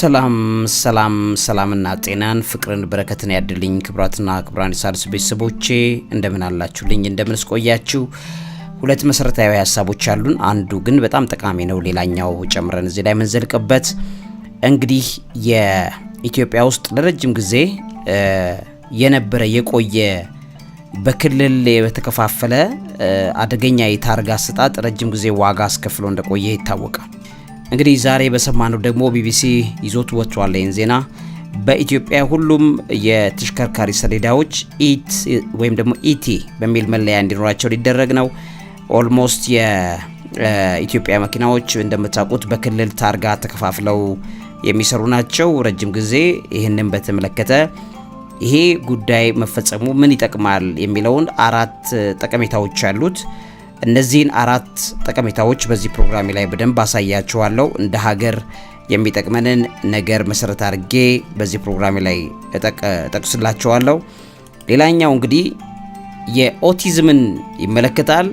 ሰላም ሰላም ሰላምና ጤናን ፍቅርን በረከትን ያድልኝ ክብራትና ክብራን የሣድስ ቤተሰቦቼ እንደምን አላችሁልኝ? እንደምንስቆያችው ሁለት መሰረታዊ ሀሳቦች አሉን። አንዱ ግን በጣም ጠቃሚ ነው። ሌላኛው ጨምረን እዚህ ላይ የምንዘልቅበት እንግዲህ የኢትዮጵያ ውስጥ ለረጅም ጊዜ የነበረ የቆየ በክልል በተከፋፈለ አደገኛ የታርጋ አሰጣጥ ረጅም ጊዜ ዋጋ አስከፍሎ እንደቆየ ይታወቃል። እንግዲህ ዛሬ በሰማነው ደግሞ ቢቢሲ ይዞት ወጥቷል ይህን ዜና በኢትዮጵያ ሁሉም የተሽከርካሪ ሰሌዳዎች ኢት ወይም ደግሞ ኢቲ በሚል መለያ እንዲኖራቸው ሊደረግ ነው። ኦልሞስት የኢትዮጵያ መኪናዎች እንደምታውቁት በክልል ታርጋ ተከፋፍለው የሚሰሩ ናቸው። ረጅም ጊዜ ይህንን በተመለከተ ይሄ ጉዳይ መፈጸሙ ምን ይጠቅማል የሚለውን አራት ጠቀሜታዎች አሉት። እነዚህን አራት ጠቀሜታዎች በዚህ ፕሮግራሜ ላይ በደንብ አሳያችኋለሁ። እንደ ሀገር የሚጠቅመንን ነገር መሰረት አድርጌ በዚህ ፕሮግራሜ ላይ እጠቅስላችኋለሁ። ሌላኛው እንግዲህ የኦቲዝምን ይመለከታል።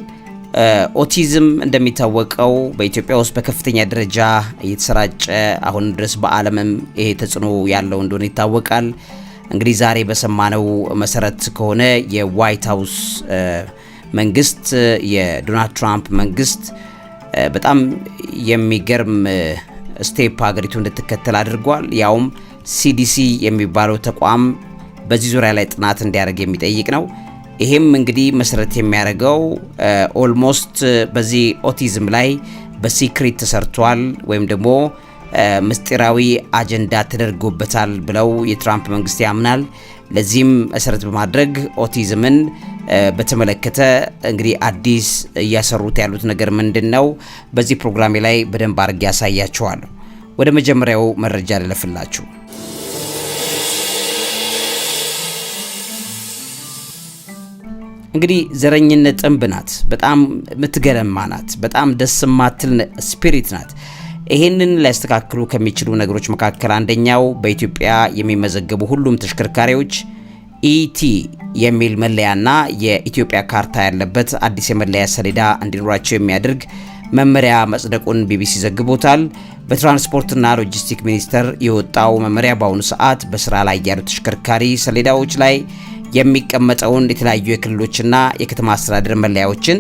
ኦቲዝም እንደሚታወቀው በኢትዮጵያ ውስጥ በከፍተኛ ደረጃ እየተሰራጨ አሁን ድረስ በዓለምም ይሄ ተጽዕኖ ያለው እንደሆነ ይታወቃል። እንግዲህ ዛሬ በሰማነው መሰረት ከሆነ የዋይት ሀውስ መንግስት የዶናልድ ትራምፕ መንግስት በጣም የሚገርም ስቴፕ ሀገሪቱ እንድትከተል አድርጓል። ያውም ሲዲሲ የሚባለው ተቋም በዚህ ዙሪያ ላይ ጥናት እንዲያደርግ የሚጠይቅ ነው። ይሄም እንግዲህ መሰረት የሚያደርገው ኦልሞስት በዚህ ኦቲዝም ላይ በሲክሪት ተሰርቷል ወይም ደግሞ ምስጢራዊ አጀንዳ ተደርጎበታል ብለው የትራምፕ መንግስት ያምናል። ለዚህም መሰረት በማድረግ ኦቲዝምን በተመለከተ እንግዲህ አዲስ እያሰሩት ያሉት ነገር ምንድን ነው? በዚህ ፕሮግራሜ ላይ በደንብ አድርጌ ያሳያችኋለሁ። ወደ መጀመሪያው መረጃ ልለፍላችሁ። እንግዲህ ዘረኝነት ጥንብ ናት። በጣም የምትገለማ ናት። በጣም ደስ የማትል ስፒሪት ናት። ይህንን ሊያስተካክሉ ከሚችሉ ነገሮች መካከል አንደኛው በኢትዮጵያ የሚመዘገቡ ሁሉም ተሽከርካሪዎች ኢቲ የሚል መለያና የኢትዮጵያ ካርታ ያለበት አዲስ የመለያ ሰሌዳ እንዲኖራቸው የሚያደርግ መመሪያ መጽደቁን ቢቢሲ ዘግቦታል። በትራንስፖርትና ሎጂስቲክ ሚኒስቴር የወጣው መመሪያ በአሁኑ ሰዓት በስራ ላይ ያሉ ተሽከርካሪ ሰሌዳዎች ላይ የሚቀመጠውን የተለያዩ የክልሎችና የከተማ አስተዳደር መለያዎችን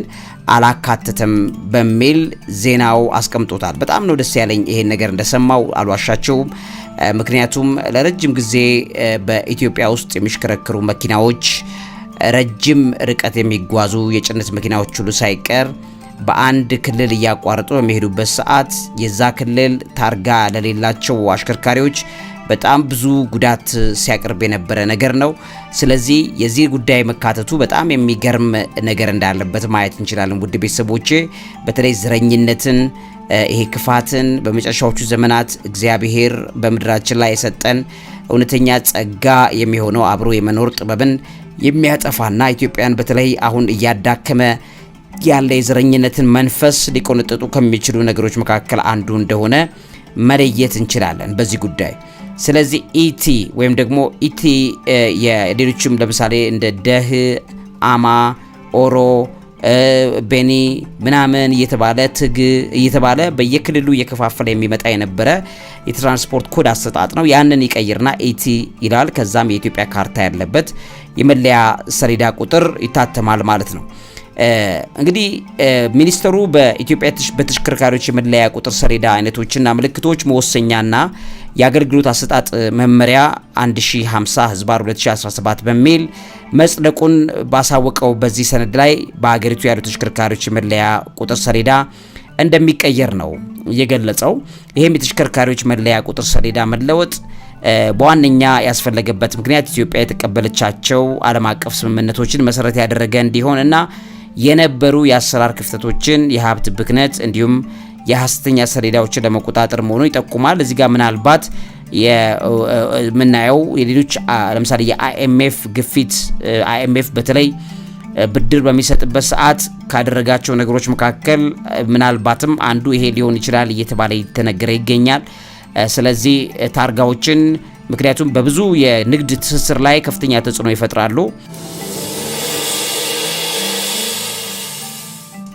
አላካተተም በሚል ዜናው አስቀምጦታል። በጣም ነው ደስ ያለኝ ይሄን ነገር እንደሰማው አልዋሻቸውም። ምክንያቱም ለረጅም ጊዜ በኢትዮጵያ ውስጥ የሚሽከረከሩ መኪናዎች ረጅም ርቀት የሚጓዙ የጭነት መኪናዎች ሁሉ ሳይቀር በአንድ ክልል እያቋረጡ በሚሄዱበት ሰዓት የዛ ክልል ታርጋ ለሌላቸው አሽከርካሪዎች በጣም ብዙ ጉዳት ሲያቀርብ የነበረ ነገር ነው። ስለዚህ የዚህ ጉዳይ መካተቱ በጣም የሚገርም ነገር እንዳለበት ማየት እንችላለን። ውድ ቤተሰቦቼ በተለይ ዘረኝነትን ይሄ ክፋትን በመጨረሻዎቹ ዘመናት እግዚአብሔር በምድራችን ላይ የሰጠን እውነተኛ ጸጋ የሚሆነው አብሮ የመኖር ጥበብን የሚያጠፋና ኢትዮጵያን በተለይ አሁን እያዳከመ ያለ የዘረኝነትን መንፈስ ሊቆነጠጡ ከሚችሉ ነገሮች መካከል አንዱ እንደሆነ መለየት እንችላለን በዚህ ጉዳይ። ስለዚህ ኢቲ ወይም ደግሞ ኢቲ የሌሎችም ለምሳሌ እንደ ደህ፣ አማ፣ ኦሮ ቤኒ ምናምን እየተባለ ትግ እየተባለ በየክልሉ እየከፋፈለ የሚመጣ የነበረ የትራንስፖርት ኮድ አሰጣጥ ነው። ያንን ይቀይርና ኤቲ ይላል። ከዛም የኢትዮጵያ ካርታ ያለበት የመለያ ሰሌዳ ቁጥር ይታተማል ማለት ነው። እንግዲህ ሚኒስትሩ በኢትዮጵያ በተሽከርካሪዎች የመለያ ቁጥር ሰሌዳ አይነቶችና ምልክቶች መወሰኛና የአገልግሎት አሰጣጥ መመሪያ 1050 ህዝባር 2017 በሚል መጽደቁን ባሳወቀው በዚህ ሰነድ ላይ በሀገሪቱ ያሉ ተሽከርካሪዎች የመለያ ቁጥር ሰሌዳ እንደሚቀየር ነው የገለጸው። ይህም የተሽከርካሪዎች መለያ ቁጥር ሰሌዳ መለወጥ በዋነኛ ያስፈለገበት ምክንያት ኢትዮጵያ የተቀበለቻቸው ዓለም አቀፍ ስምምነቶችን መሰረት ያደረገ እንዲሆን እና የነበሩ የአሰራር ክፍተቶችን፣ የሀብት ብክነት እንዲሁም የሀስተኛ ሰሌዳዎችን ለመቆጣጠር መሆኑን ይጠቁማል። እዚህ ጋር ምናልባት የምናየው የሌሎች ለምሳሌ የአይኤምኤፍ ግፊት አይኤምኤፍ በተለይ ብድር በሚሰጥበት ሰዓት ካደረጋቸው ነገሮች መካከል ምናልባትም አንዱ ይሄ ሊሆን ይችላል እየተባለ እየተነገረ ይገኛል። ስለዚህ ታርጋዎችን ምክንያቱም በብዙ የንግድ ትስስር ላይ ከፍተኛ ተጽዕኖ ይፈጥራሉ።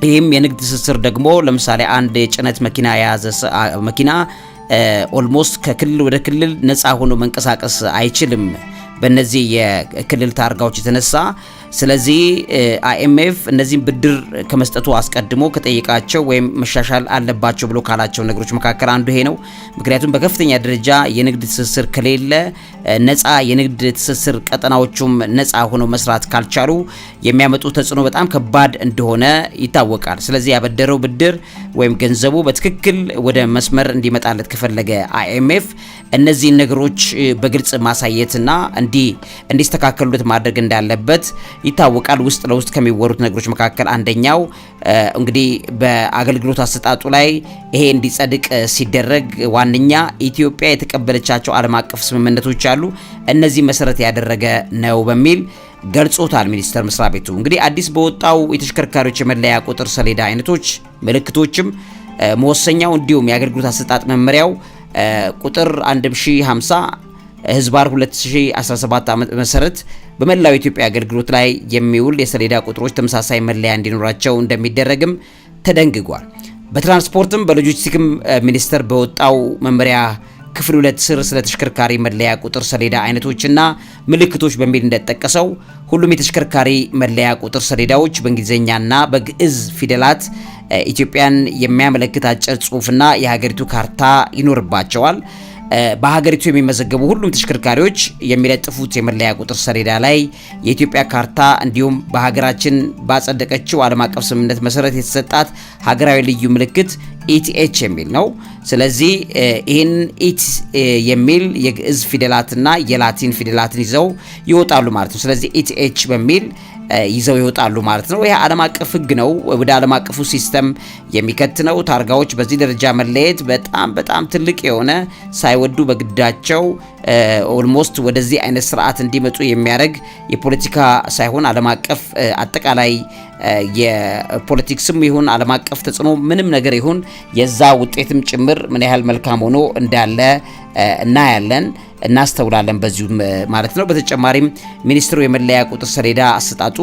ይህም የንግድ ትስስር ደግሞ ለምሳሌ አንድ የጭነት መኪና የያዘ መኪና ኦልሞስት ከክልል ወደ ክልል ነፃ ሆኖ መንቀሳቀስ አይችልም። በእነዚህ የክልል ታርጋዎች የተነሳ ስለዚህ አይኤምኤፍ እነዚህም ብድር ከመስጠቱ አስቀድሞ ከጠየቃቸው ወይም መሻሻል አለባቸው ብሎ ካላቸው ነገሮች መካከል አንዱ ይሄ ነው። ምክንያቱም በከፍተኛ ደረጃ የንግድ ትስስር ከሌለ ነፃ የንግድ ትስስር ቀጠናዎቹም ነፃ ሆኖ መስራት ካልቻሉ የሚያመጡ ተጽዕኖ በጣም ከባድ እንደሆነ ይታወቃል። ስለዚህ ያበደረው ብድር ወይም ገንዘቡ በትክክል ወደ መስመር እንዲመጣለት ከፈለገ አይኤምኤፍ እነዚህን ነገሮች በግልጽ ማሳየትና እንዲስተካከሉት ማድረግ እንዳለበት ይታወቃል። ውስጥ ለውስጥ ከሚወሩት ነገሮች መካከል አንደኛው እንግዲህ በአገልግሎት አሰጣጡ ላይ ይሄ እንዲጸድቅ ሲደረግ ዋነኛ ኢትዮጵያ የተቀበለቻቸው ዓለም አቀፍ ስምምነቶች አሉ፣ እነዚህ መሰረት ያደረገ ነው በሚል ገልጾታል። ሚኒስቴር መስሪያ ቤቱ እንግዲህ አዲስ በወጣው የተሽከርካሪዎች የመለያ ቁጥር ሰሌዳ አይነቶች፣ ምልክቶችም መወሰኛው እንዲሁም የአገልግሎት አሰጣጥ መመሪያው ቁጥር 1050 ህዝባር 2017 መሰረት በመላው ኢትዮጵያ አገልግሎት ላይ የሚውል የሰሌዳ ቁጥሮች ተመሳሳይ መለያ እንዲኖራቸው እንደሚደረግም ተደንግጓል። በትራንስፖርትም በሎጂስቲክም ሚኒስቴር በወጣው መመሪያ ክፍል ሁለት ስር ስለ ተሽከርካሪ መለያ ቁጥር ሰሌዳ አይነቶችና ምልክቶች በሚል እንደተጠቀሰው ሁሉም የተሽከርካሪ መለያ ቁጥር ሰሌዳዎች በእንግሊዝኛና በግዕዝ ፊደላት ኢትዮጵያን የሚያመለክት አጭር ጽሑፍና የሀገሪቱ ካርታ ይኖርባቸዋል። በሀገሪቱ የሚመዘገቡ ሁሉም ተሽከርካሪዎች የሚለጥፉት የመለያ ቁጥር ሰሌዳ ላይ የኢትዮጵያ ካርታ እንዲሁም በሀገራችን ባጸደቀችው ዓለም አቀፍ ስምምነት መሰረት የተሰጣት ሀገራዊ ልዩ ምልክት ኢቲኤች የሚል ነው። ስለዚህ ይህን ኢት የሚል የግዕዝ ፊደላትና የላቲን ፊደላትን ይዘው ይወጣሉ ማለት ነው። ስለዚህ ኢቲኤች በሚል ይዘው ይወጣሉ ማለት ነው። ይህ ዓለም አቀፍ ህግ ነው፣ ወደ ዓለም አቀፉ ሲስተም የሚከት ነው። ታርጋዎች በዚህ ደረጃ መለየት በጣም በጣም ትልቅ የሆነ ሳይወዱ በግዳቸው ኦልሞስት ወደዚህ አይነት ስርዓት እንዲመጡ የሚያደርግ የፖለቲካ ሳይሆን ዓለም አቀፍ አጠቃላይ የፖለቲክስም ይሁን ዓለም አቀፍ ተጽዕኖ ምንም ነገር ይሁን የዛ ውጤትም ጭምር ምን ያህል መልካም ሆኖ እንዳለ እናያለን፣ እናስተውላለን በዚሁም ማለት ነው። በተጨማሪም ሚኒስትሩ የመለያ ቁጥር ሰሌዳ አሰጣጡ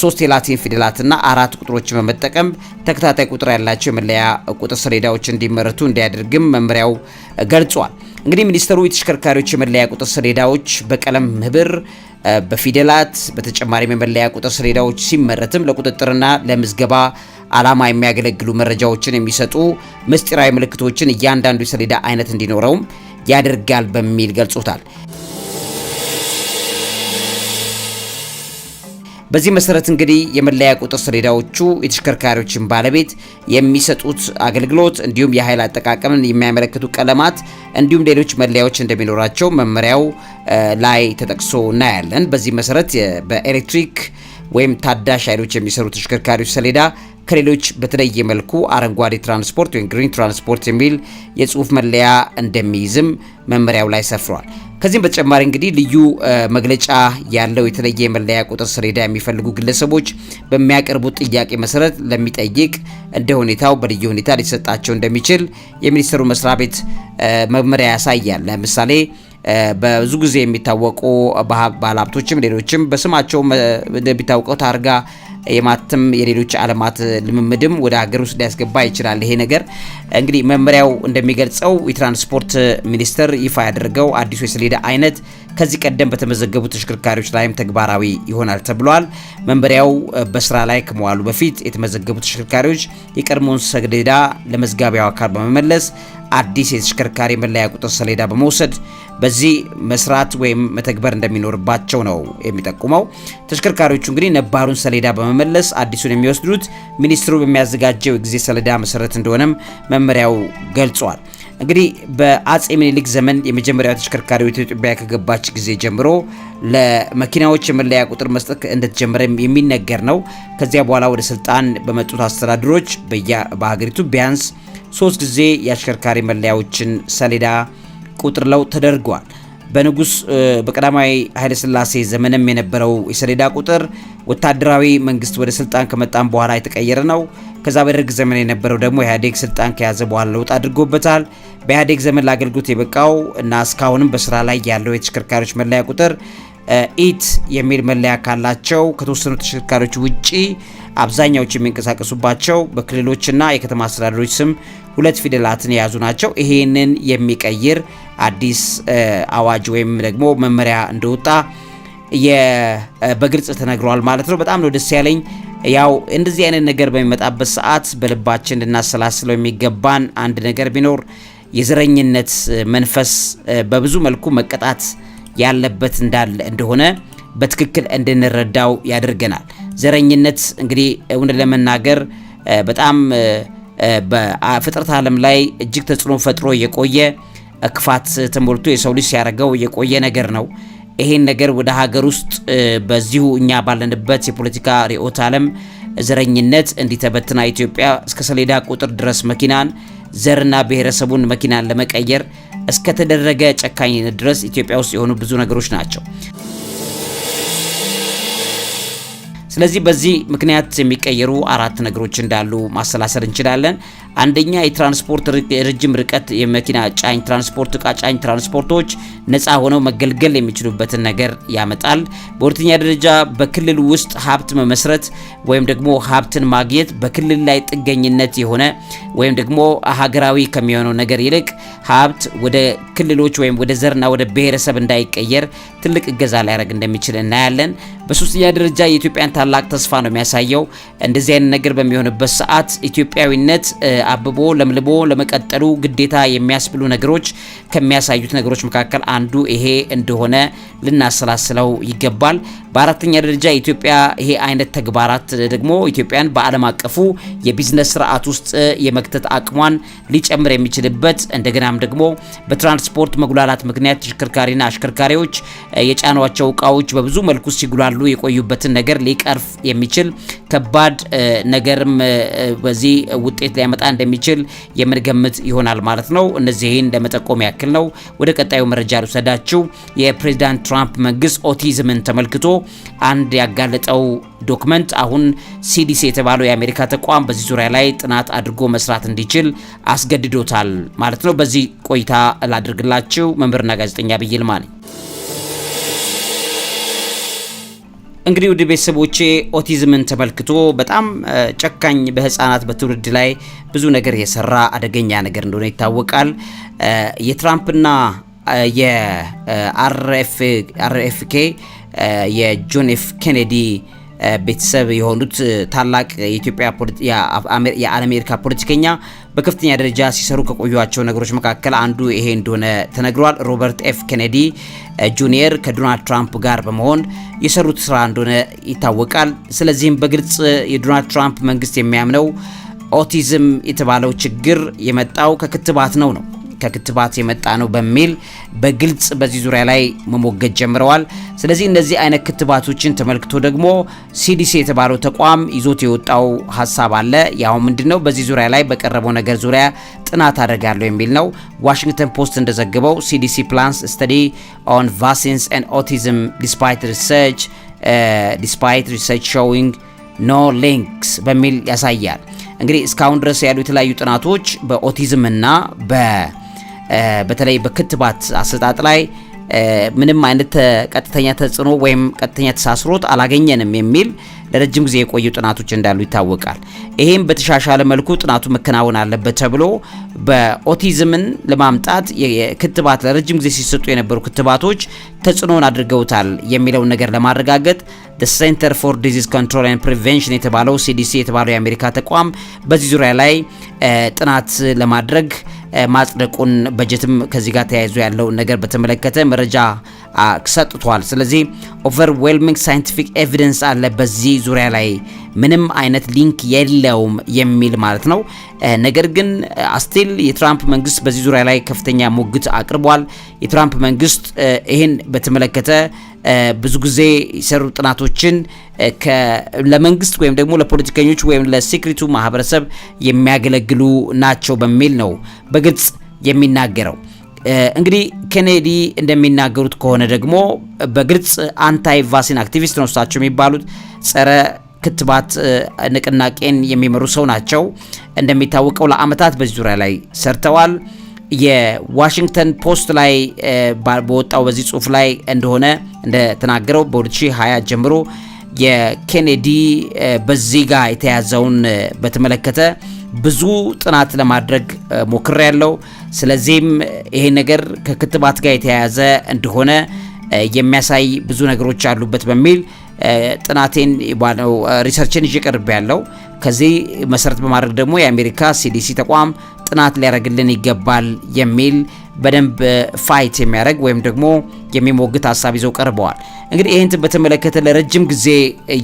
ሶስት የላቲን ፊደላትና አራት ቁጥሮችን በመጠቀም ተከታታይ ቁጥር ያላቸው የመለያ ቁጥር ሰሌዳዎች እንዲመረቱ እንዲያደርግም መምሪያው ገልጿል። እንግዲህ ሚኒስትሩ የተሽከርካሪዎች የመለያ ቁጥር ሰሌዳዎች በቀለም ህብር፣ በፊደላት በተጨማሪም የመለያ ቁጥር ሰሌዳዎች ሲመረትም ለቁጥጥርና ለምዝገባ ዓላማ የሚያገለግሉ መረጃዎችን የሚሰጡ ምስጢራዊ ምልክቶችን እያንዳንዱ የሰሌዳ አይነት እንዲኖረውም ያደርጋል በሚል ገልጾታል። በዚህ መሰረት እንግዲህ የመለያ ቁጥር ሰሌዳዎቹ የተሽከርካሪዎችን ባለቤት የሚሰጡት አገልግሎት እንዲሁም የኃይል አጠቃቀምን የሚያመለክቱ ቀለማት እንዲሁም ሌሎች መለያዎች እንደሚኖራቸው መመሪያው ላይ ተጠቅሶ እናያለን። በዚህ መሰረት በኤሌክትሪክ ወይም ታዳሽ ኃይሎች የሚሰሩ ተሽከርካሪዎች ሰሌዳ ከሌሎች በተለየ መልኩ አረንጓዴ ትራንስፖርት ወይም ግሪን ትራንስፖርት የሚል የጽሁፍ መለያ እንደሚይዝም መመሪያው ላይ ሰፍሯል። ከዚህም በተጨማሪ እንግዲህ ልዩ መግለጫ ያለው የተለየ መለያ ቁጥር ሰሌዳ የሚፈልጉ ግለሰቦች በሚያቀርቡት ጥያቄ መሰረት ለሚጠይቅ እንደ ሁኔታው በልዩ ሁኔታ ሊሰጣቸው እንደሚችል የሚኒስትሩ መስሪያ ቤት መመሪያ ያሳያል። ለምሳሌ በብዙ ጊዜ የሚታወቁ ባለሀብቶችም ሌሎችም በስማቸው እንደሚታወቀው ታርጋ የማትም የሌሎች ዓለማት ልምምድም ወደ ሀገር ውስጥ ሊያስገባ ይችላል። ይሄ ነገር እንግዲህ መመሪያው እንደሚገልጸው የትራንስፖርት ሚኒስቴር ይፋ ያደረገው አዲሱ የሰሌዳ አይነት ከዚህ ቀደም በተመዘገቡ ተሽከርካሪዎች ላይም ተግባራዊ ይሆናል ተብሏል። መመሪያው በስራ ላይ ከመዋሉ በፊት የተመዘገቡ ተሽከርካሪዎች የቀድሞውን ሰሌዳ ለመዝጋቢያው አካል በመመለስ አዲስ የተሽከርካሪ መለያ ቁጥር ሰሌዳ በመውሰድ በዚህ መስራት ወይም መተግበር እንደሚኖርባቸው ነው የሚጠቁመው። ተሽከርካሪዎቹ እንግዲህ ነባሩን ሰሌዳ በመመለስ አዲሱን የሚወስዱት ሚኒስትሩ በሚያዘጋጀው የጊዜ ሰሌዳ መሰረት እንደሆነም መመሪያው ገልጿል። እንግዲህ በአጼ ምኒልክ ዘመን የመጀመሪያው ተሽከርካሪ ወደ ኢትዮጵያ ከገባች ጊዜ ጀምሮ ለመኪናዎች የመለያ ቁጥር መስጠት እንደተጀመረ የሚነገር ነው። ከዚያ በኋላ ወደ ስልጣን በመጡት አስተዳድሮች በሀገሪቱ ቢያንስ ሶስት ጊዜ የአሽከርካሪ መለያዎችን ሰሌዳ ቁጥር ለውጥ ተደርጓል። በንጉስ በቀዳማዊ ኃይለሥላሴ ዘመንም የነበረው የሰሌዳ ቁጥር ወታደራዊ መንግስት ወደ ስልጣን ከመጣም በኋላ የተቀየረ ነው። ከዛ በደርግ ዘመን የነበረው ደግሞ ኢህአዴግ ስልጣን ከያዘ በኋላ ለውጥ አድርጎበታል። በኢህአዴግ ዘመን ለአገልግሎት የበቃው እና እስካሁንም በስራ ላይ ያለው የተሽከርካሪዎች መለያ ቁጥር ኢት የሚል መለያ ካላቸው ከተወሰኑ ተሽከርካሪዎች ውጪ አብዛኛዎች የሚንቀሳቀሱባቸው በክልሎችና የከተማ አስተዳደሮች ስም ሁለት ፊደላትን የያዙ ናቸው። ይሄንን የሚቀይር አዲስ አዋጅ ወይም ደግሞ መመሪያ እንደወጣ በግልጽ ተነግሯል ማለት ነው። በጣም ነው ደስ ያለኝ። ያው እንደዚህ አይነት ነገር በሚመጣበት ሰዓት በልባችን ልናሰላስለው የሚገባን አንድ ነገር ቢኖር የዘረኝነት መንፈስ በብዙ መልኩ መቀጣት ያለበት እንዳለ እንደሆነ በትክክል እንድንረዳው ያደርገናል። ዘረኝነት እንግዲህ እውን ለመናገር በጣም በፍጥረት ዓለም ላይ እጅግ ተጽዕኖ ፈጥሮ የቆየ ክፋት ተሞልቶ የሰው ልጅ ሲያደርገው የቆየ ነገር ነው። ይሄን ነገር ወደ ሀገር ውስጥ በዚሁ እኛ ባለንበት የፖለቲካ ርዕዮተ ዓለም ዘረኝነት እንዲተበትና ኢትዮጵያ እስከ ሰሌዳ ቁጥር ድረስ መኪናን ዘርና ብሔረሰቡን መኪናን ለመቀየር እስከተደረገ ጨካኝነት ድረስ ኢትዮጵያ ውስጥ የሆኑ ብዙ ነገሮች ናቸው። ስለዚህ በዚህ ምክንያት የሚቀየሩ አራት ነገሮች እንዳሉ ማሰላሰል እንችላለን። አንደኛ የትራንስፖርት ረጅም ርቀት የመኪና ጫኝ ትራንስፖርት፣ እቃ ጫኝ ትራንስፖርቶች ነፃ ሆነው መገልገል የሚችሉበትን ነገር ያመጣል። በሁለተኛ ደረጃ በክልል ውስጥ ሀብት መመስረት ወይም ደግሞ ሀብትን ማግኘት በክልል ላይ ጥገኝነት የሆነ ወይም ደግሞ ሀገራዊ ከሚሆነው ነገር ይልቅ ሀብት ወደ ክልሎች ወይም ወደ ዘርና ወደ ብሔረሰብ እንዳይቀየር ትልቅ እገዛ ሊያደርግ እንደሚችል እናያለን። በሶስተኛ ደረጃ የኢትዮጵያን ታላቅ ተስፋ ነው የሚያሳየው። እንደዚህ አይነት ነገር በሚሆንበት ሰዓት ኢትዮጵያዊነት አብቦ ለምልቦ ለመቀጠሉ ግዴታ የሚያስብሉ ነገሮች ከሚያሳዩት ነገሮች መካከል አንዱ ይሄ እንደሆነ ልናሰላስለው ይገባል። በአራተኛ ደረጃ ኢትዮጵያ ይሄ አይነት ተግባራት ደግሞ ኢትዮጵያን በዓለም አቀፉ የቢዝነስ ስርዓት ውስጥ የመክተት አቅሟን ሊጨምር የሚችልበት እንደገናም ደግሞ በትራንስፖርት መጉላላት ምክንያት ተሽከርካሪና አሽከርካሪዎች የጫኗቸው እቃዎች በብዙ መልኩ ሲጉላሉ የቆዩበትን ነገር ሊቀርፍ የሚችል ከባድ ነገርም በዚህ ውጤት ሊያመጣ እንደሚችል የምንገምት ይሆናል ማለት ነው። እነዚህን ለመጠቆም ያክል ነው። ወደ ቀጣዩ መረጃ ልውሰዳችሁ። የፕሬዚዳንት ትራምፕ መንግስት ኦቲዝምን ተመልክቶ አንድ ያጋለጠው ዶክመንት አሁን ሲዲሲ የተባለው የአሜሪካ ተቋም በዚህ ዙሪያ ላይ ጥናት አድርጎ መስራት እንዲችል አስገድዶታል ማለት ነው። በዚህ ቆይታ ላድርግላችሁ። መምህርና ጋዜጠኛ ዐቢይ ይልማ ነኝ። እንግዲህ ውድ ቤተሰቦቼ ኦቲዝምን ተመልክቶ በጣም ጨካኝ በህፃናት በትውልድ ላይ ብዙ ነገር የሰራ አደገኛ ነገር እንደሆነ ይታወቃል። የትራምፕና የአርኤፍኬ የጆን ኤፍ ኬኔዲ ቤተሰብ የሆኑት ታላቅ የኢትዮጵያ የአሜሪካ ፖለቲከኛ በከፍተኛ ደረጃ ሲሰሩ ከቆዩቸው ነገሮች መካከል አንዱ ይሄ እንደሆነ ተነግሯል። ሮበርት ኤፍ ኬኔዲ ጁኒየር ከዶናልድ ትራምፕ ጋር በመሆን የሰሩት ስራ እንደሆነ ይታወቃል። ስለዚህም በግልጽ የዶናልድ ትራምፕ መንግስት የሚያምነው ኦቲዝም የተባለው ችግር የመጣው ከክትባት ነው ነው ከክትባት የመጣ ነው በሚል በግልጽ በዚህ ዙሪያ ላይ መሞገድ ጀምረዋል። ስለዚህ እነዚህ አይነት ክትባቶችን ተመልክቶ ደግሞ ሲዲሲ የተባለው ተቋም ይዞት የወጣው ሀሳብ አለ። ያው ምንድን ነው በዚህ ዙሪያ ላይ በቀረበው ነገር ዙሪያ ጥናት አደርጋለሁ የሚል ነው። ዋሽንግተን ፖስት እንደዘገበው ሲዲሲ ፕላንስ ስተዲ ኦን ቫሲንስ ኤንድ ኦቲዝም ዲስፓይት ሪሰርች ዲስፓይት ሪሰርች ሾዊንግ ኖ ሊንክስ በሚል ያሳያል። እንግዲህ እስካሁን ድረስ ያሉ የተለያዩ ጥናቶች በኦቲዝምና በ በተለይ በክትባት አሰጣጥ ላይ ምንም አይነት ቀጥተኛ ተጽዕኖ ወይም ቀጥተኛ ተሳስሮት አላገኘንም የሚል ለረጅም ጊዜ የቆዩ ጥናቶች እንዳሉ ይታወቃል። ይህም በተሻሻለ መልኩ ጥናቱ መከናወን አለበት ተብሎ በኦቲዝምን ለማምጣት ክትባት ለረጅም ጊዜ ሲሰጡ የነበሩ ክትባቶች ተጽዕኖን አድርገውታል የሚለውን ነገር ለማረጋገጥ the Center for Disease Control and Prevention የተባለው ሲዲሲ የተባለው የአሜሪካ ተቋም በዚህ ዙሪያ ላይ ጥናት ለማድረግ ማጽደቁን በጀትም ከዚህ ጋር ተያይዞ ያለውን ነገር በተመለከተ መረጃ ሰጥቷል። ስለዚህ ኦቨርዌልሚንግ ሳይንቲፊክ ኤቪደንስ አለ በዚህ ዙሪያ ላይ ምንም አይነት ሊንክ የለውም የሚል ማለት ነው። ነገር ግን አስቲል የትራምፕ መንግስት በዚህ ዙሪያ ላይ ከፍተኛ ሙግት አቅርቧል። የትራምፕ መንግስት ይህን በተመለከተ ብዙ ጊዜ የሰሩ ጥናቶችን ለመንግስት ወይም ደግሞ ለፖለቲከኞች ወይም ለሴክሪቱ ማህበረሰብ የሚያገለግሉ ናቸው በሚል ነው በግልጽ የሚናገረው። እንግዲህ ኬኔዲ እንደሚናገሩት ከሆነ ደግሞ በግልጽ አንታይ ቫሲን አክቲቪስት ነው እሳቸው የሚባሉት ጸረ ክትባት ንቅናቄን የሚመሩ ሰው ናቸው። እንደሚታወቀው ለአመታት በዚህ ዙሪያ ላይ ሰርተዋል። የዋሽንግተን ፖስት ላይ በወጣው በዚህ ጽሁፍ ላይ እንደሆነ እንደተናገረው በ2020 ጀምሮ የኬኔዲ በዚህ ጋር የተያዘውን በተመለከተ ብዙ ጥናት ለማድረግ ሞክር ያለው። ስለዚህም ይሄ ነገር ከክትባት ጋር የተያያዘ እንደሆነ የሚያሳይ ብዙ ነገሮች አሉበት በሚል ጥናቴን ባነው ሪሰርችን ይዤ ቀርብ ያለው ከዚህ መሰረት በማድረግ ደግሞ የአሜሪካ ሲዲሲ ተቋም ጥናት ሊያደርግልን ይገባል የሚል በደንብ ፋይት የሚያደርግ ወይም ደግሞ የሚሞግት ሀሳብ ይዘው ቀርበዋል። እንግዲህ ይህንትን በተመለከተ ለረጅም ጊዜ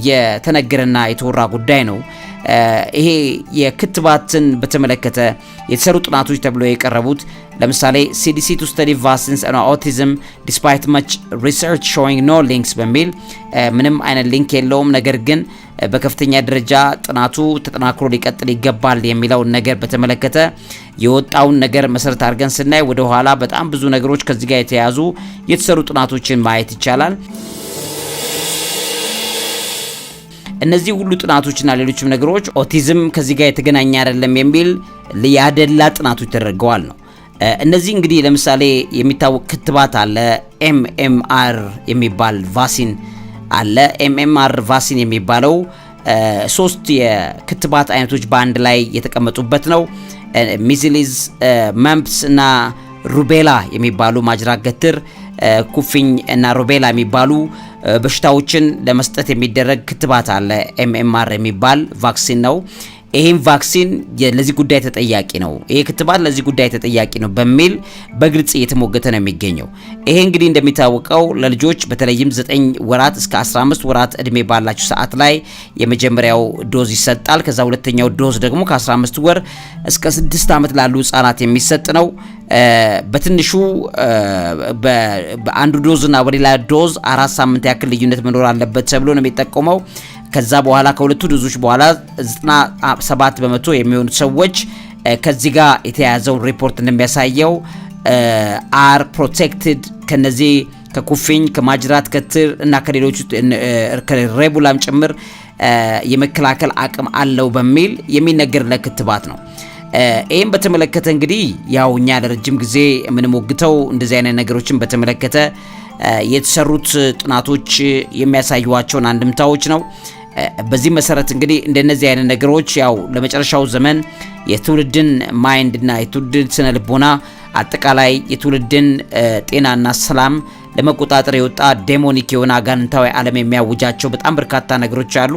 የተነገረና የተወራ ጉዳይ ነው። ይሄ የክትባትን በተመለከተ የተሰሩ ጥናቶች ተብሎ የቀረቡት ለምሳሌ ሲዲሲ ቱ ስተዲ ቫስንስ ና ኦቲዝም ዲስፓይት መች ሪሰርች ሾዊንግ ኖ ሊንክስ በሚል ምንም አይነት ሊንክ የለውም፣ ነገር ግን በከፍተኛ ደረጃ ጥናቱ ተጠናክሮ ሊቀጥል ይገባል የሚለውን ነገር በተመለከተ የወጣውን ነገር መሰረት አድርገን ስናይ ወደ ኋላ በጣም ብዙ ነገሮች ከዚህ ጋር የተያያዙ የተሰሩ ጥናቶችን ማየት ይቻላል። እነዚህ ሁሉ ጥናቶችና ሌሎችም ነገሮች ኦቲዝም ከዚህ ጋር የተገናኘ አይደለም የሚል ያደላ ጥናቶች ተደርገዋል ነው እነዚህ እንግዲህ ለምሳሌ የሚታወቅ ክትባት አለ። ኤምኤምአር የሚባል ቫሲን አለ። ኤምኤምአር ቫሲን የሚባለው ሶስት የክትባት አይነቶች በአንድ ላይ የተቀመጡበት ነው። ሚዝሊዝ፣ መምፕስ እና ሩቤላ የሚባሉ ማጅራት ገትር፣ ኩፍኝ እና ሩቤላ የሚባሉ በሽታዎችን ለመስጠት የሚደረግ ክትባት አለ። ኤምኤምአር የሚባል ቫክሲን ነው። ይሄን ቫክሲን ለዚህ ጉዳይ ተጠያቂ ነው፣ ይሄ ክትባት ለዚህ ጉዳይ ተጠያቂ ነው በሚል በግልጽ እየተሞገተ ነው የሚገኘው። ይሄ እንግዲህ እንደሚታወቀው ለልጆች በተለይም 9 ወራት እስከ 15 ወራት እድሜ ባላቸው ሰዓት ላይ የመጀመሪያው ዶዝ ይሰጣል። ከዛ ሁለተኛው ዶዝ ደግሞ ከ15 ወር እስከ 6 ዓመት ላሉ ህጻናት የሚሰጥ ነው። በትንሹ በአንዱ ዶዝና በሌላ ዶዝ አራት ሳምንት ያክል ልዩነት መኖር አለበት ተብሎ ነው የሚጠቆመው። ከዛ በኋላ ከሁለቱ ዶዞች በኋላ 97 በመቶ የሚሆኑት ሰዎች ከዚህ ጋር የተያያዘውን ሪፖርት እንደሚያሳየው አር ፕሮቴክትድ ከነዚህ ከኩፍኝ ከማጅራት ከትር እና ከሌሎቹ ከሬቡላም ጭምር የመከላከል አቅም አለው በሚል የሚነገርለት ክትባት ነው። ይህም በተመለከተ እንግዲህ ያው እኛ ለረጅም ጊዜ የምንሞግተው እንደዚህ አይነት ነገሮችን በተመለከተ የተሰሩት ጥናቶች የሚያሳዩዋቸውን አንድምታዎች ነው። በዚህ መሰረት እንግዲህ እንደነዚህ አይነት ነገሮች ያው ለመጨረሻው ዘመን የትውልድን ማይንድና የትውልድን ስነ ልቦና አጠቃላይ የትውልድን ጤናና ሰላም ለመቆጣጠር የወጣ ዴሞኒክ የሆነ አጋንንታዊ ዓለም የሚያውጃቸው በጣም በርካታ ነገሮች አሉ።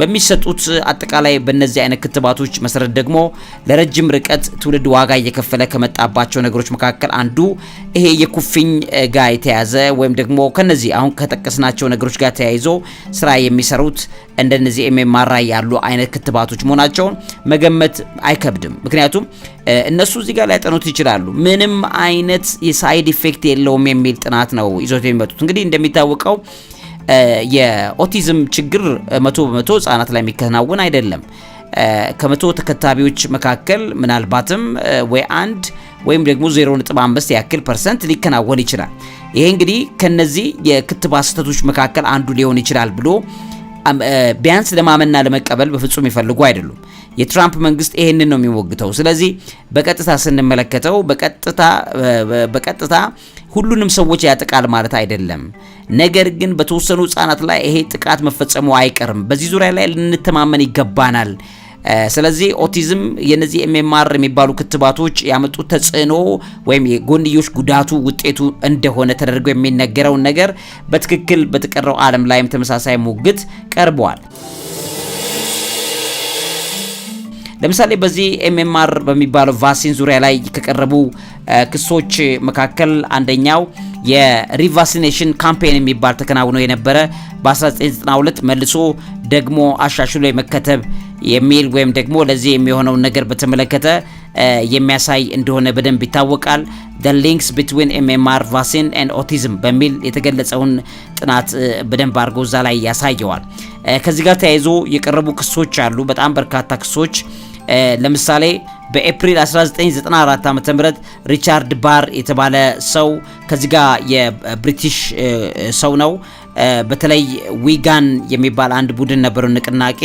በሚሰጡት አጠቃላይ በእነዚህ አይነት ክትባቶች መሰረት ደግሞ ለረጅም ርቀት ትውልድ ዋጋ እየከፈለ ከመጣባቸው ነገሮች መካከል አንዱ ይሄ የኩፍኝ ጋር የተያዘ ወይም ደግሞ ከነዚህ አሁን ከጠቀስናቸው ነገሮች ጋር ተያይዞ ስራ የሚሰሩት እንደነዚህ ኤምኤምአር ያሉ አይነት ክትባቶች መሆናቸውን መገመት አይከብድም። ምክንያቱም እነሱ እዚህ ጋር ሊያጠኑት ይችላሉ። ምንም አይነት የሳይድ ኢፌክት የለውም የሚል ጥናት ነው ይዞት የሚመጡት እንግዲህ እንደሚታወቀው የኦቲዝም ችግር መቶ በመቶ ህጻናት ላይ የሚከናወን አይደለም። ከመቶ ተከታቢዎች መካከል ምናልባትም ወይ አንድ ወይም ደግሞ 0.5 ያክል ፐርሰንት ሊከናወን ይችላል። ይሄ እንግዲህ ከነዚህ የክትባት ስህተቶች መካከል አንዱ ሊሆን ይችላል ብሎ ቢያንስ ለማመንና ለመቀበል በፍጹም ይፈልጉ አይደሉም። የትራምፕ መንግስት ይሄንን ነው የሚሞግተው። ስለዚህ በቀጥታ ስንመለከተው በቀጥታ በቀጥታ ሁሉንም ሰዎች ያጥቃል ማለት አይደለም። ነገር ግን በተወሰኑ ህጻናት ላይ ይሄ ጥቃት መፈጸሙ አይቀርም። በዚህ ዙሪያ ላይ ልንተማመን ይገባናል። ስለዚህ ኦቲዝም የነዚህ ኤምኤምአር የሚባሉ ክትባቶች ያመጡት ተጽዕኖ ወይም የጎንዮሽ ጉዳቱ ውጤቱ እንደሆነ ተደርገው የሚነገረውን ነገር በትክክል በተቀረው ዓለም ላይም ተመሳሳይ ሙግት ቀርበዋል። ለምሳሌ በዚህ ኤምኤምአር በሚባለው ቫክሲን ዙሪያ ላይ ከቀረቡ ክሶች መካከል አንደኛው የሪቫክሲኔሽን ካምፔን የሚባል ተከናውኖ የነበረ በ1992 መልሶ ደግሞ አሻሽሎ የመከተብ የሚል ወይም ደግሞ ለዚህ የሚሆነውን ነገር በተመለከተ የሚያሳይ እንደሆነ በደንብ ይታወቃል። the ሊንክስ between ኤምኤምአር ቫሲን and ኦቲዝም በሚል የተገለጸውን ጥናት በደንብ አድርጎ እዛ ላይ ያሳየዋል። ከዚህ ጋር ተያይዞ የቀረቡ ክሶች አሉ። በጣም በርካታ ክሶች ለምሳሌ በኤፕሪል 1994 ዓ.ም ሪቻርድ ባር የተባለ ሰው ከዚህ ጋር የብሪቲሽ ሰው ነው በተለይ ዊጋን የሚባል አንድ ቡድን ነበረው ንቅናቄ።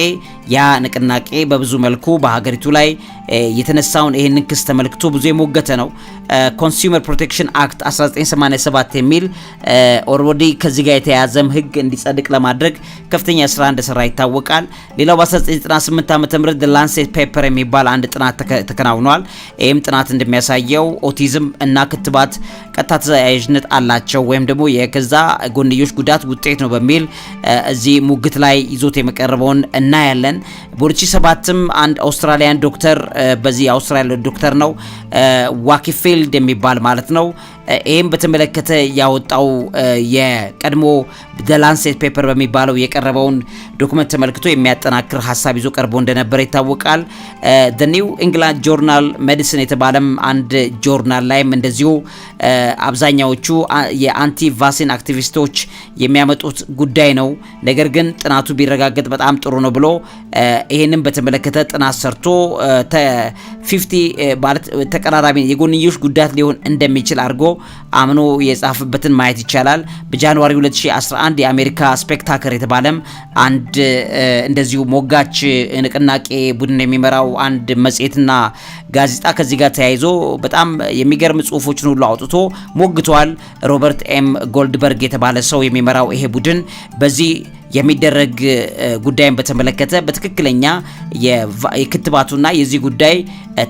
ያ ንቅናቄ በብዙ መልኩ በሀገሪቱ ላይ የተነሳውን ይህንን ክስ ተመልክቶ ብዙ የሞገተ ነው። ኮንሱመር ፕሮቴክሽን አክት 1987 የሚል ኦልሬዲ ከዚህ ጋር የተያያዘም ህግ እንዲጸድቅ ለማድረግ ከፍተኛ ስራ እንደሰራ ይታወቃል። ሌላው በ1998 ዓ ም ላንሴት ፔፐር የሚባል አንድ ጥናት ተከናውኗል። ይህም ጥናት እንደሚያሳየው ኦቲዝም እና ክትባት ቀጥታ ተያያዥነት አላቸው ወይም ደግሞ የከዛ ጎንዮሽ ጉዳት ውጤት ነው በሚል እዚህ ሙግት ላይ ይዞት የመቀረበውን እናያለን። በ2007ም አንድ አውስትራሊያን ዶክተር በዚህ የአውስትራሊያ ዶክተር ነው ዋኪፊልድ የሚባል ማለት ነው ይህም በተመለከተ ያወጣው የቀድሞ ደላንሴት ፔፐር በሚባለው የቀረበውን ዶክመንት ተመልክቶ የሚያጠናክር ሀሳብ ይዞ ቀርቦ እንደነበረ ይታወቃል። ኒው ኢንግላንድ ጆርናል ሜዲሲን የተባለም አንድ ጆርናል ላይም እንደዚሁ አብዛኛዎቹ የአንቲ ቫሲን አክቲቪስቶች የሚያመጡት ጉዳይ ነው፣ ነገር ግን ጥናቱ ቢረጋገጥ በጣም ጥሩ ነው ብሎ ይህንም በተመለከተ ጥናት ሰርቶ ተቀራራቢ የጎንዮሽ ጉዳት ሊሆን እንደሚችል አድርጎ አምኖ የጻፈበትን ማየት ይቻላል። በጃንዋሪ 2011 የአሜሪካ ስፔክታከር የተባለም አንድ እንደዚሁ ሞጋች ንቅናቄ ቡድን የሚመራው አንድ መጽሔትና ጋዜጣ ከዚህ ጋር ተያይዞ በጣም የሚገርም ጽሁፎችን ሁሉ አውጥቶ ሞግቷል። ሮበርት ኤም ጎልድበርግ የተባለ ሰው የሚመራው ይሄ ቡድን በዚህ የሚደረግ ጉዳይን በተመለከተ በትክክለኛ የክትባቱና የዚህ ጉዳይ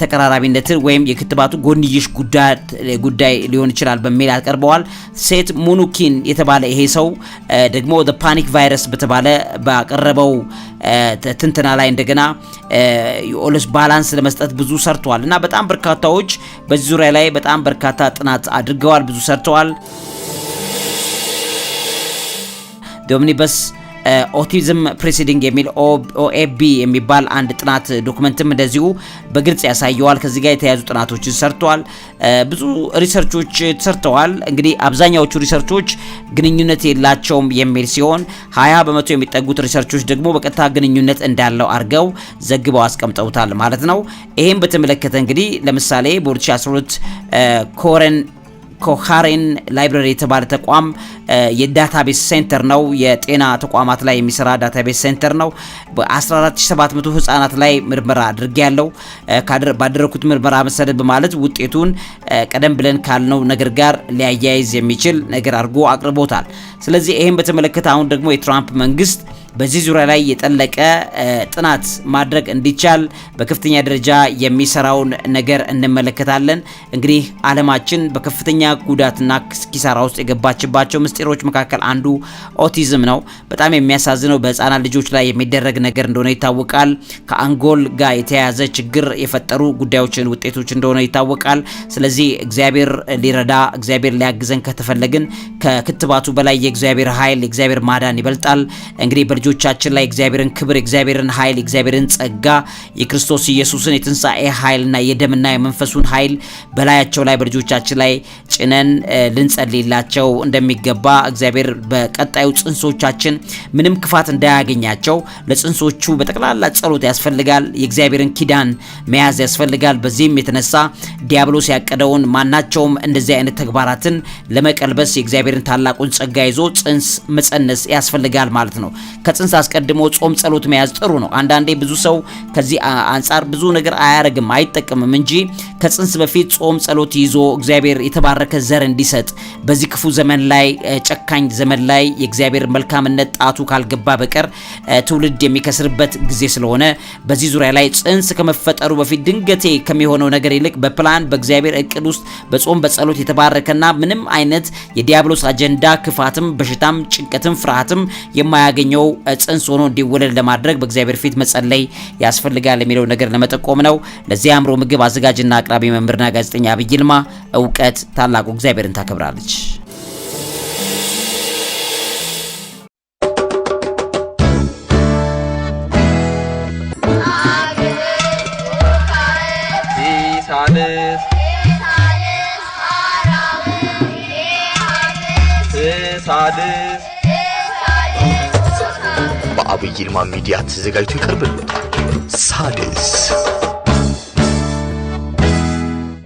ተቀራራቢነትን ወይም የክትባቱ ጎንዮሽ ጉዳይ ሊሆን ይችላል በሚል አቀርበዋል። ሴት ሙኑኪን የተባለ ይሄ ሰው ደግሞ ፓኒክ ቫይረስ በተባለ ባቀረበው ትንትና ላይ እንደገና የኦሎስ ባላንስ ለመስጠት ብዙ ሰርተዋል እና በጣም በርካታዎች በዚህ ዙሪያ ላይ በጣም በርካታ ጥናት አድርገዋል፣ ብዙ ሰርተዋል። ዶሚኒበስ ኦቲዝም ፕሬሲዲንግ የሚል ኦኤቢ የሚባል አንድ ጥናት ዶክመንትም እንደዚሁ በግልጽ ያሳየዋል። ከዚህ ጋር የተያያዙ ጥናቶችን ሰርተዋል። ብዙ ሪሰርቾች ተሰርተዋል። እንግዲህ አብዛኛዎቹ ሪሰርቾች ግንኙነት የላቸውም የሚል ሲሆን ሀያ በመቶ የሚጠጉት ሪሰርቾች ደግሞ በቀጥታ ግንኙነት እንዳለው አድርገው ዘግበው አስቀምጠውታል ማለት ነው። ይህም በተመለከተ እንግዲህ ለምሳሌ በ2012 ኮረን ኮሃሬን ላይብረሪ የተባለ ተቋም የዳታቤስ ሴንተር ነው። የጤና ተቋማት ላይ የሚሰራ ዳታቤስ ሴንተር ነው። በ14700 ህጻናት ላይ ምርመራ አድርጌ ያለው ባደረኩት ምርመራ መሰረት በማለት ውጤቱን ቀደም ብለን ካልነው ነገር ጋር ሊያያይዝ የሚችል ነገር አድርጎ አቅርቦታል። ስለዚህ ይህም በተመለከተ አሁን ደግሞ የትራምፕ መንግስት በዚህ ዙሪያ ላይ የጠለቀ ጥናት ማድረግ እንዲቻል በከፍተኛ ደረጃ የሚሰራውን ነገር እንመለከታለን። እንግዲህ ዓለማችን በከፍተኛ ጉዳትና ኪሳራ ውስጥ የገባችባቸው ምስጢሮች መካከል አንዱ ኦቲዝም ነው። በጣም የሚያሳዝነው በህፃናት ልጆች ላይ የሚደረግ ነገር እንደሆነ ይታወቃል። ከአንጎል ጋር የተያያዘ ችግር የፈጠሩ ጉዳዮችን ውጤቶች እንደሆነ ይታወቃል። ስለዚህ እግዚአብሔር ሊረዳ እግዚአብሔር ሊያግዘን ከተፈለግን ከክትባቱ በላይ የእግዚአብሔር ኃይል የእግዚአብሔር ማዳን ይበልጣል። እንግዲህ በልጆቻችን ላይ እግዚአብሔርን ክብር፣ እግዚአብሔርን ኃይል፣ እግዚአብሔርን ጸጋ፣ የክርስቶስ ኢየሱስን የትንሣኤ ኃይልና የደምና የመንፈሱን ኃይል በላያቸው ላይ በልጆቻችን ላይ ጭነን ልንጸልይላቸው እንደሚገባ እግዚአብሔር በቀጣዩ ጽንሶቻችን ምንም ክፋት እንዳያገኛቸው ለጽንሶቹ በጠቅላላ ጸሎት ያስፈልጋል። የእግዚአብሔርን ኪዳን መያዝ ያስፈልጋል። በዚህም የተነሳ ዲያብሎስ ያቀደውን ማናቸውም እንደዚህ አይነት ተግባራትን ለመቀልበስ የእግዚአብሔርን ታላቁን ጸጋ ይዞ ጽንስ መጸነስ ያስፈልጋል ማለት ነው። ከጽንስ አስቀድሞ ጾም፣ ጸሎት መያዝ ጥሩ ነው። አንዳንዴ ብዙ ሰው ከዚህ አንጻር ብዙ ነገር አያረግም አይጠቀምም እንጂ ከጽንስ በፊት ጾም፣ ጸሎት ይዞ እግዚአብሔር የተባረከ ዘር እንዲሰጥ በዚህ ክፉ ዘመን ላይ ጨካኝ ዘመን ላይ የእግዚአብሔር መልካምነት ጣቱ ካልገባ በቀር ትውልድ የሚከስርበት ጊዜ ስለሆነ በዚህ ዙሪያ ላይ ጽንስ ከመፈጠሩ በፊት ድንገቴ ከሚሆነው ነገር ይልቅ በፕላን በእግዚአብሔር እቅድ ውስጥ በጾም በጸሎት የተባረከና ምንም አይነት የዲያብሎስ አጀንዳ ክፋትም፣ በሽታም፣ ጭንቀትም፣ ፍርሃትም የማያገኘው ጽንስ ሆኖ እንዲወለድ ለማድረግ በእግዚአብሔር ፊት መጸለይ ያስፈልጋል የሚለው ነገር ለመጠቆም ነው። ለዚህ አእምሮ ምግብ አዘጋጅና አቅራቢ መምህርና ጋዜጠኛ አብይ ይልማ እውቀት ታላቁ እግዚአብሔርን ታከብራለች። በዐቢይ ይልማ ሚዲያ ተዘጋጅቶ ይቀርብልዎታል። ሳድስ